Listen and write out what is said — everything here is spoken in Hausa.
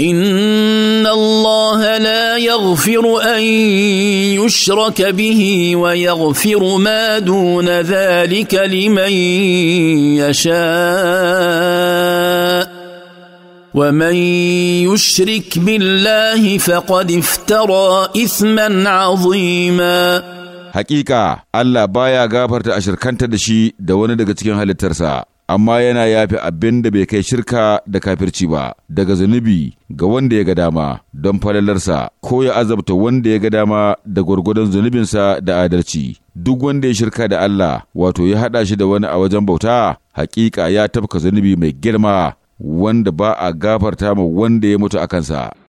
ان الله لا يغفر ان يشرك به ويغفر ما دون ذلك لمن يشاء ومن يشرك بالله فقد افترى اثما عظيما حقيقه الله بايا غفرت اشركنت دشي da wani daga cikin halittarsa amma yana yafi abin da bai kai shirka da kafirci ba daga zunubi ga wanda ya ga dama don falalarsa ko ya azabta wanda ya ga dama da gwargwadon zunubinsa da adalci duk wanda ya shirka da Allah wato ya haɗa shi da wani a wajen bauta hakika ya tafka zunubi mai girma wanda ba a gafarta ma wanda ya mutu a kansa.